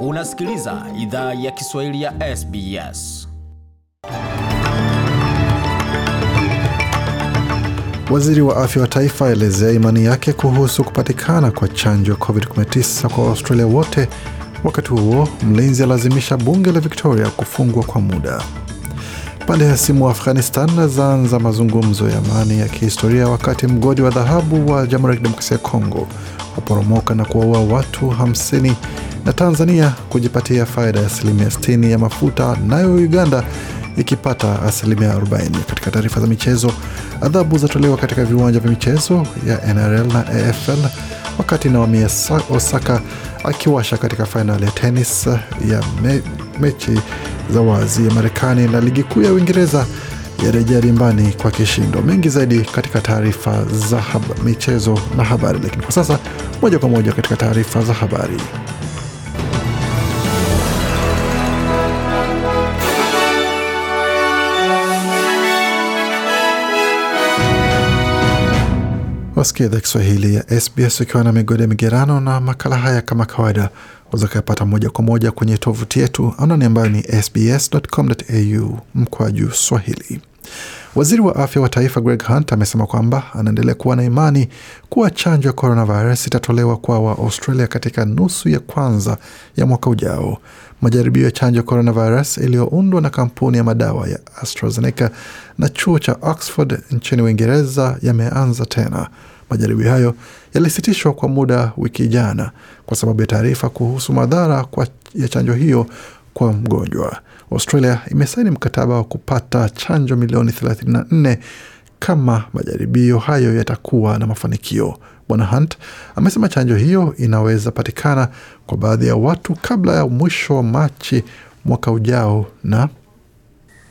Unasikiliza idhaa ya Kiswahili ya SBS. Waziri wa afya wa taifa aelezea imani yake kuhusu kupatikana kwa chanjo ya COVID-19 kwa Australia wote. Wakati huo mlinzi alazimisha bunge la Victoria kufungwa kwa muda. Pande ya simu wa Afghanistan zaanza mazungumzo ya amani ya kihistoria, wakati mgodi wa dhahabu wa Jamhuri ya Kidemokrasia ya Kongo waporomoka na kuwaua watu 50 na Tanzania kujipatia faida ya asilimia 60 ya mafuta, nayo Uganda ikipata asilimia 40. Katika taarifa za michezo, adhabu zatolewa katika viwanja vya michezo ya NRL na AFL, wakati Naomi Osaka akiwasha katika fainali ya tenis ya me, mechi za wazi ya Marekani na ligi kuu ya Uingereza yarejea dimbani kwa kishindo. Mengi zaidi katika taarifa za michezo na habari, lakini kwa sasa moja kwa moja katika taarifa za habari. Wasikia idhaa Kiswahili ya SBS ukiwa na migode migerano, na makala haya kama kawaida uzakayapata moja kwa moja kwenye tovuti yetu anani ambayo ni sbs.com.au mkwaju swahili. Waziri wa afya wa taifa Greg Hunt amesema kwamba anaendelea kuwa na imani kuwa chanjo ya coronavirus itatolewa kwa Waaustralia katika nusu ya kwanza ya mwaka ujao. Majaribio ya chanjo ya coronavirus iliyoundwa na kampuni ya madawa ya AstraZeneca na chuo cha Oxford nchini Uingereza yameanza tena. Majaribio hayo yalisitishwa kwa muda wiki jana kwa sababu ya taarifa kuhusu madhara ya chanjo hiyo kwa mgonjwa. Australia imesaini mkataba wa kupata chanjo milioni 34 kama majaribio hayo yatakuwa na mafanikio. Bwana Hunt amesema chanjo hiyo inaweza patikana kwa baadhi ya watu kabla ya mwisho wa Machi mwaka ujao na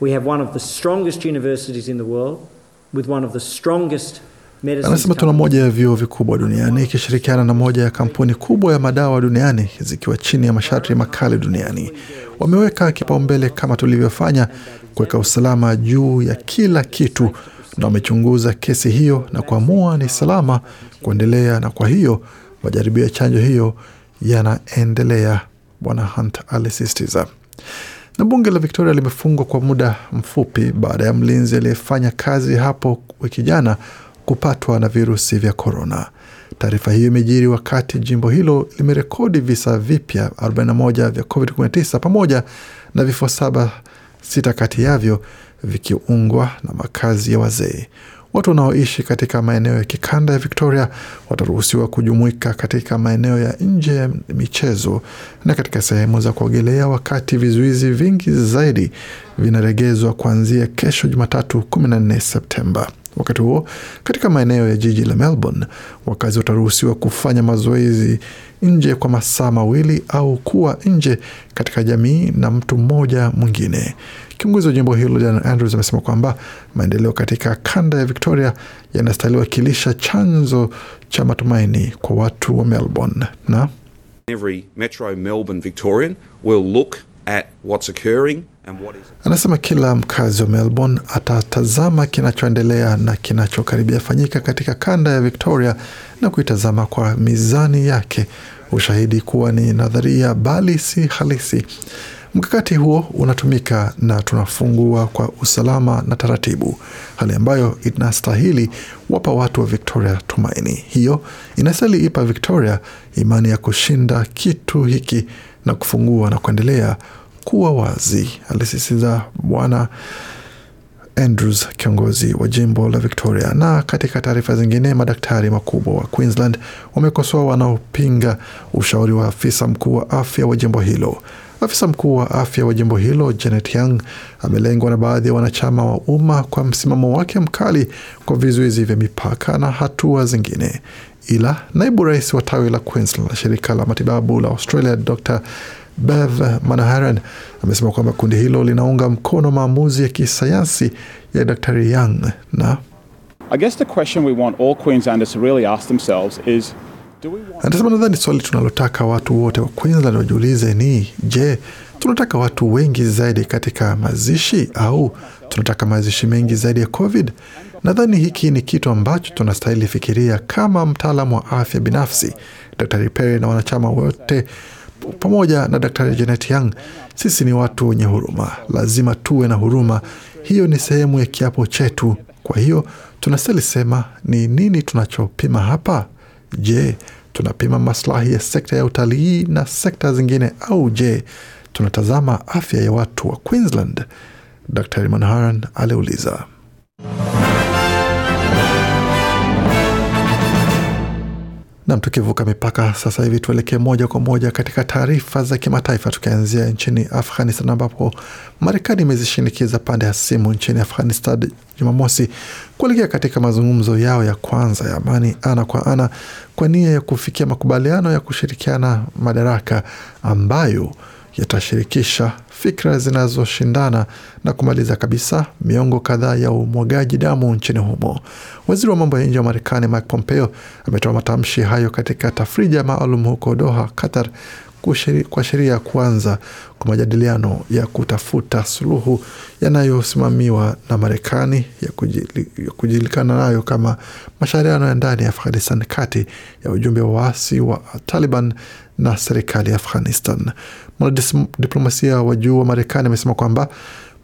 We have one of the strongest universities in the world with one of the strongest Anasema tuna moja ya vyuo vikubwa duniani ikishirikiana na moja ya kampuni kubwa ya madawa duniani zikiwa chini ya masharti makali duniani. Wameweka kipaumbele kama tulivyofanya kuweka usalama juu ya kila kitu, na wamechunguza kesi hiyo na kuamua ni salama kuendelea, na kwa hiyo majaribio ya chanjo hiyo yanaendelea, Bwana Hunt alisisitiza. Na bunge la Victoria limefungwa kwa muda mfupi baada ya mlinzi aliyefanya kazi hapo wiki jana kupatwa na virusi vya korona. Taarifa hiyo imejiri wakati jimbo hilo limerekodi visa vipya 41 vya COVID-19 pamoja na vifo saba, sita kati yavyo vikiungwa na makazi ya wazee. Watu wanaoishi katika maeneo ya kikanda ya Victoria wataruhusiwa kujumuika katika maeneo ya nje ya michezo na katika sehemu za kuogelea, wakati vizuizi vingi zaidi vinaregezwa kuanzia kesho Jumatatu 14 Septemba. Wakati huo katika maeneo ya jiji la Melbourne, wakazi wataruhusiwa kufanya mazoezi nje kwa masaa mawili au kuwa nje katika jamii na mtu mmoja mwingine. Kiongozi wa jimbo hilo Andrews amesema kwamba maendeleo katika kanda ya Victoria yanastahili wakilisha chanzo cha matumaini kwa watu wa Melbourne na Every metro Melbourne Victorian will look at what's occurring Anasema kila mkazi wa Melbourne atatazama kinachoendelea na kinachokaribia fanyika katika kanda ya Victoria na kuitazama kwa mizani yake, ushahidi kuwa ni nadharia bali si halisi. Mkakati huo unatumika na tunafungua kwa usalama na taratibu, hali ambayo inastahili wapa watu wa Victoria tumaini. Hiyo inastahili ipa Victoria imani ya kushinda kitu hiki na kufungua na kuendelea kuwa wazi, alisisitiza Bwana Andrews, kiongozi wa jimbo la Victoria. Na katika taarifa zingine, madaktari makubwa wa Queensland wamekosoa wanaopinga ushauri wa afisa mkuu wa afya wa jimbo hilo. Afisa mkuu wa afya wa jimbo hilo Janet Young amelengwa na baadhi ya wanachama wa umma kwa msimamo wake mkali kwa vizuizi vya mipaka na hatua zingine. Ila naibu rais wa tawi la Queensland la shirika la matibabu la Australia Dr Bev Manaharan amesema kwamba kundi hilo linaunga mkono maamuzi ya kisayansi ya dr Young na anasema nadhani swali tunalotaka watu wote wa Queensland wajiulize ni je, tunataka watu wengi zaidi katika mazishi au tunataka mazishi mengi zaidi ya COVID? Nadhani hiki ni kitu ambacho tunastahili fikiria kama mtaalamu wa afya binafsi. dr Perry na wanachama wote pamoja na Daktari Janet Young, sisi ni watu wenye huruma, lazima tuwe na huruma. Hiyo ni sehemu ya kiapo chetu. Kwa hiyo tunastahili sema ni nini tunachopima hapa? Je, tunapima maslahi ya sekta ya utalii na sekta zingine, au je tunatazama afya ya watu wa Queensland? Daktari Manharan aliuliza. Nam, tukivuka mipaka sasa hivi tuelekee moja kwa moja katika taarifa za kimataifa, tukianzia nchini Afghanistan ambapo Marekani imezishinikiza pande ya simu nchini Afghanistan Jumamosi kuelekea katika mazungumzo yao ya kwanza ya amani ana kwa ana kwa nia ya kufikia makubaliano ya kushirikiana madaraka ambayo yatashirikisha fikra zinazoshindana na kumaliza kabisa miongo kadhaa ya umwagaji damu nchini humo. Waziri wa mambo ya nje wa Marekani Mike Pompeo ametoa matamshi hayo katika tafrija maalum huko Doha, Qatar, sheria ya kuanza kwa majadiliano ya kutafuta suluhu yanayosimamiwa na Marekani ya kujulikana nayo kama mashauriano ya ndani ya Afghanistan kati ya ujumbe wa waasi wa Taliban na serikali ya Afghanistan. Mwanadiplomasia wa juu wa Marekani amesema kwamba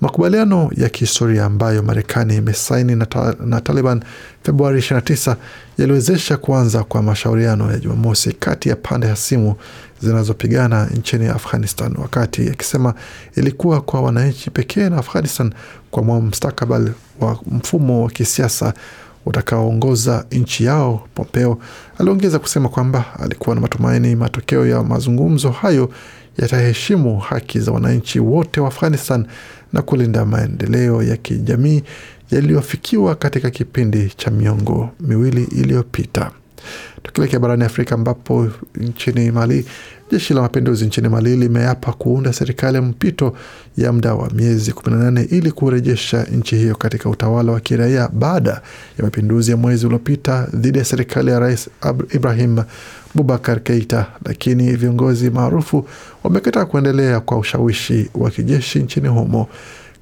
makubaliano ya kihistoria ambayo Marekani imesaini na, ta na Taliban Februari 29 yaliwezesha kuanza kwa mashauriano ya Jumamosi kati ya pande hasimu zinazopigana nchini Afghanistan, wakati akisema ilikuwa kwa wananchi pekee na Afghanistan kwa mstakabali wa mfumo wa kisiasa utakaoongoza nchi yao. Pompeo aliongeza kusema kwamba alikuwa na matumaini matokeo ya mazungumzo hayo yataheshimu haki za wananchi wote wa Afghanistan na kulinda maendeleo ya kijamii yaliyofikiwa katika kipindi cha miongo miwili iliyopita. Tukielekea barani Afrika ambapo nchini Mali jeshi la mapinduzi nchini Mali limeapa kuunda serikali ya mpito ya muda wa miezi 18 ili kurejesha nchi hiyo katika utawala wa kiraia baada ya mapinduzi ya mwezi uliopita dhidi ya serikali ya Rais Ibrahim Bubakar Keita, lakini viongozi maarufu wamekataa kuendelea kwa ushawishi wa kijeshi nchini humo.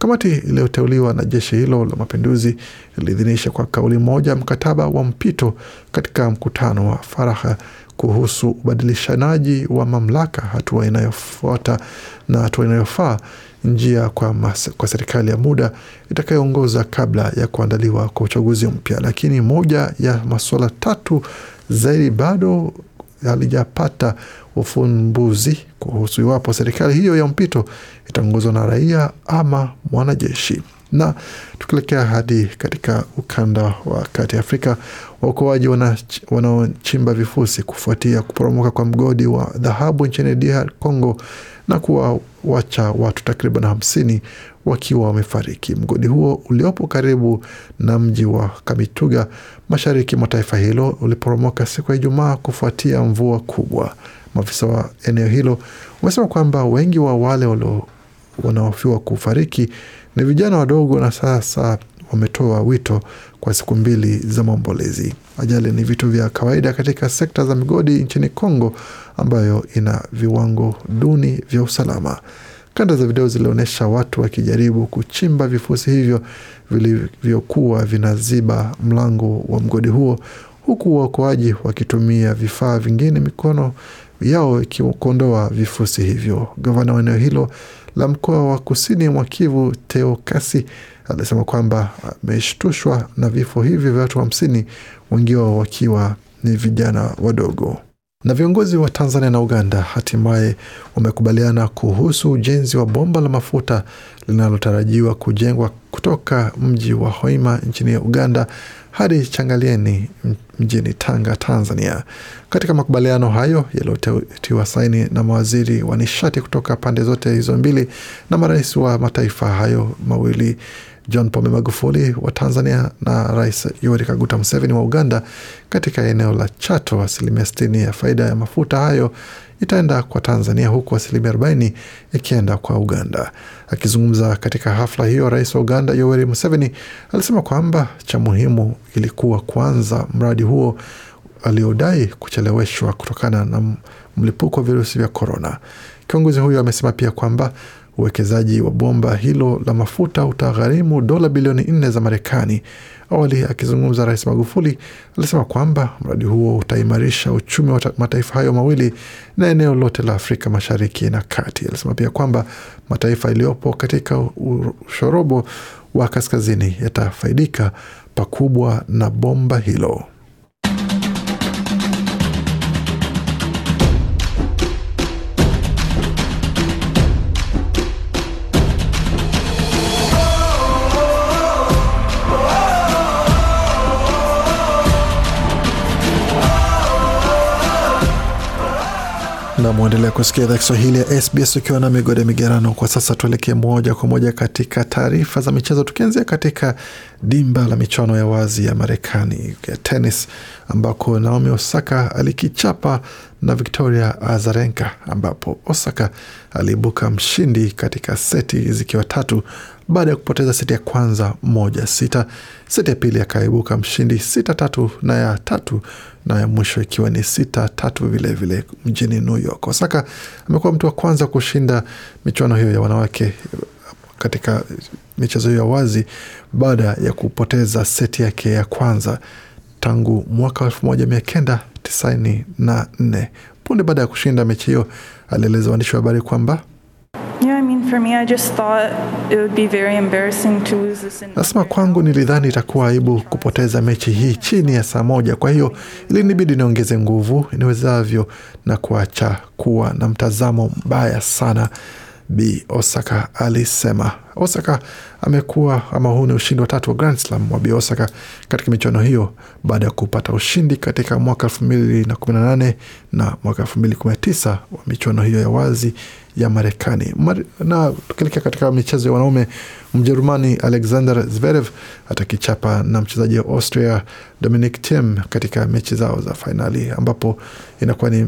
Kamati iliyoteuliwa na jeshi hilo la mapinduzi iliidhinisha kwa kauli moja mkataba wa mpito katika mkutano wa faraha kuhusu ubadilishanaji wa mamlaka, hatua inayofuata na hatua inayofaa njia kwa, mas, kwa serikali ya muda itakayoongoza kabla ya kuandaliwa kwa uchaguzi mpya. Lakini moja ya masuala tatu zaidi bado halijapata ufumbuzi kuhusu iwapo serikali hiyo ya mpito itaongozwa na raia ama mwanajeshi. Na tukielekea hadi katika ukanda wa kati Afrika, waokoaji wanaochimba vifusi kufuatia kuporomoka kwa mgodi wa dhahabu nchini DR Congo na kuwawacha watu takriban hamsini wakiwa wamefariki. Mgodi huo uliopo karibu na mji wa Kamituga mashariki mwa taifa hilo uliporomoka siku ya Ijumaa kufuatia mvua kubwa. Maafisa wa eneo hilo wamesema kwamba wengi wa wale wanaofiwa kufariki ni vijana wadogo, na sasa wametoa wito kwa siku mbili za maombolezi. Ajali ni vitu vya kawaida katika sekta za migodi nchini Kongo ambayo ina viwango duni vya usalama. Kanda za video zilionyesha watu wakijaribu kuchimba vifusi hivyo vilivyokuwa vinaziba mlango wa mgodi huo, huku waokoaji wakitumia vifaa vingine mikono yao ikiondoa vifusi hivyo. Gavana wa eneo hilo la mkoa wa kusini mwa Kivu Teokasi alisema kwamba ameshtushwa na vifo hivi vya watu hamsini, wengi wao wakiwa ni vijana wadogo. Na viongozi wa Tanzania na Uganda hatimaye wamekubaliana kuhusu ujenzi wa bomba la mafuta linalotarajiwa kujengwa kutoka mji wa Hoima nchini Uganda hadi Changalieni mjini Tanga, Tanzania. Katika makubaliano hayo yaliyotiwa saini na mawaziri wa nishati kutoka pande zote hizo mbili na marais wa mataifa hayo mawili John Pombe Magufuli wa Tanzania na Rais Yoweri Kaguta Museveni wa Uganda katika eneo la Chato, asilimia sitini ya faida ya mafuta hayo itaenda kwa Tanzania huku asilimia 40 ikienda kwa Uganda. Akizungumza katika hafla hiyo, rais wa Uganda Yoweri Museveni alisema kwamba cha muhimu ilikuwa kwanza mradi huo aliodai kucheleweshwa kutokana na mlipuko wa virusi vya korona. Kiongozi huyo amesema pia kwamba Uwekezaji wa bomba hilo la mafuta utagharimu dola bilioni nne za Marekani. Awali akizungumza, Rais Magufuli alisema kwamba mradi huo utaimarisha uchumi wa mataifa hayo mawili na eneo lote la Afrika Mashariki na Kati. Alisema pia kwamba mataifa yaliyopo katika ushorobo wa kaskazini yatafaidika pakubwa na bomba hilo. mwendelea kusikia idhaa Kiswahili ya SBS ukiwa na migode migerano. Kwa sasa tuelekee moja kwa moja katika taarifa za michezo, tukianzia katika dimba la michuano ya wazi ya Marekani ya tenis, ambako Naomi Osaka alikichapa na Victoria Azarenka, ambapo Osaka aliibuka mshindi katika seti zikiwa tatu baada ya kupoteza seti ya kwanza moja sita. Seti ya pili akaibuka mshindi sita tatu na ya tatu na ya mwisho ikiwa ni sita tatu vilevile mjini New York. Osaka amekuwa mtu wa kwanza kushinda michuano hiyo ya wanawake eh, katika michezo hiyo ya wazi baada ya kupoteza seti yake ya kwanza tangu mwaka 1994 punde baada ya kushinda mechi hiyo alieleza waandishi wa habari kwamba Yeah, I mean, for me, I just thought it would be very embarrassing to lose this. Nasema kwangu nilidhani itakuwa aibu kupoteza mechi hii chini ya saa moja, kwa hiyo ilinibidi niongeze nguvu niwezavyo na kuacha kuwa na mtazamo mbaya sana B Osaka alisema. Osaka amekuwa ama, huu ni ushindi wa tatu wa Grand Slam wa B Osaka katika michuano hiyo baada ya kupata ushindi katika mwaka elfu mbili na kumi na nane na mwaka elfu mbili kumi na tisa wa michuano hiyo ya wazi ya Marekani. Na tukielekea katika michezo ya wanaume, Mjerumani Alexander Zverev atakichapa na mchezaji wa Austria Dominic tim katika mechi zao za fainali, ambapo inakuwa ni,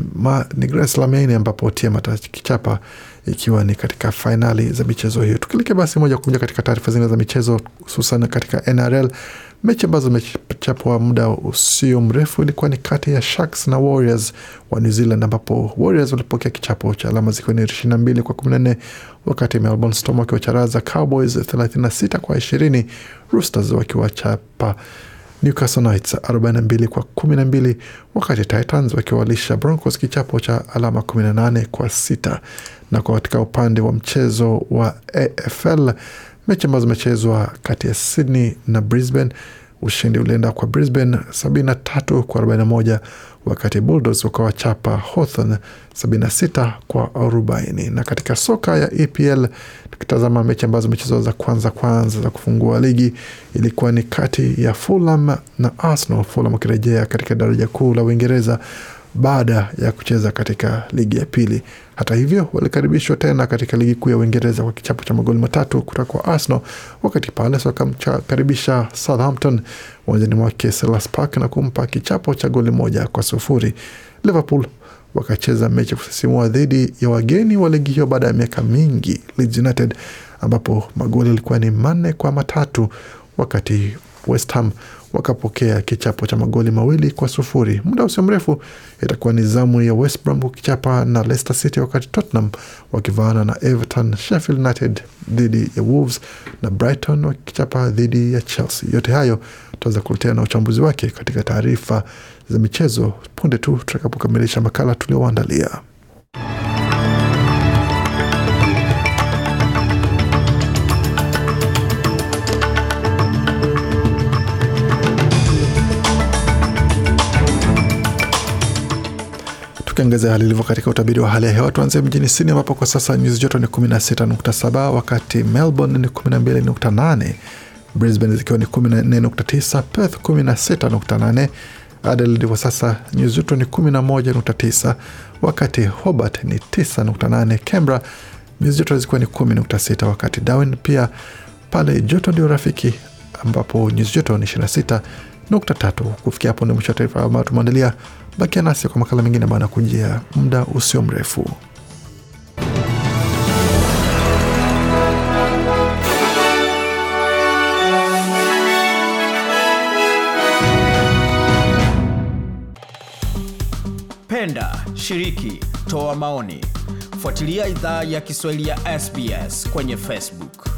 ni Grand Slam ambapo Thiem atakichapa ikiwa ni katika fainali za michezo hiyo. Tukilekea basi moja kwa moja katika taarifa zingine za michezo, hususan katika NRL, mechi ambazo zimechapwa muda usio mrefu ilikuwa ni kati ya Sharks na Warriors wa New Zealand, ambapo Warriors walipokea kichapo cha alama zikiwa ni 22 kwa 14, wakati Melbourne Storm wakiwacharaza Cowboys 36 kwa 20, Roosters wakiwachapa Newcastle Knights 42 kwa 12, wakati Titans wakiwalisha Broncos kichapo cha alama 18 kwa 6. Na kwa katika upande wa mchezo wa AFL, mechi ambazo zimechezwa kati ya Sydney na Brisbane, ushindi ulienda kwa Brisbane 73 kwa 41, wakati Bulldogs wakawachapa Hawthorn 76 kwa 40. Na katika soka ya EPL tukitazama mechi ambazo zimechezwa za kwanza kwanza za kufungua ligi, ilikuwa ni kati ya Fulham na Arsenal, Fulham wakirejea katika daraja kuu la Uingereza baada ya kucheza katika ligi ya pili hata hivyo walikaribishwa tena katika ligi kuu ya Uingereza kwa kichapo cha magoli matatu kutoka kwa Arsenal, wakati Palace wakamkaribisha Southampton uwanjani mwake Selhurst Park na kumpa kichapo cha goli moja kwa sufuri. Liverpool wakacheza mechi ya kusisimua dhidi ya wageni wa ligi hiyo baada ya miaka mingi, Leeds United, ambapo magoli yalikuwa ni manne kwa matatu, wakati West Ham wakapokea kichapo cha magoli mawili kwa sufuri. Muda usio mrefu itakuwa ni zamu ya West Brom kukichapa na Leicester City, wakati Tottenham wakivaana na Everton, Sheffield United dhidi ya Wolves na Brighton wakichapa dhidi ya Chelsea. Yote hayo tutaweza kuletea na uchambuzi wake katika taarifa za michezo punde tu tutakapokamilisha makala tulioandalia Tukiangazia hali ilivyo katika utabiri wa hali ya hewa, tuanzie mjini Sydney ambapo kwa sasa nyuzi joto ni 16.7, wakati Melbourne ni 12.8, Brisbane zikiwa ni 14.9, Perth 16.8, Adelaide kwa sasa nyuzi joto ni 11.9, wakati Hobart ni 9.8, Canberra nyuzi joto zikiwa ni 10.6, wakati Darwin pia pale joto ndio rafiki ambapo nyuzi joto ni 26 nukta tatu. Kufikia hapo ndio mwisho wa taarifa ambayo tumeandalia. Bakia nasi kwa makala mengine ambayo anakujia muda usio mrefu. Penda, shiriki, toa maoni, fuatilia idhaa ya Kiswahili ya SBS kwenye Facebook.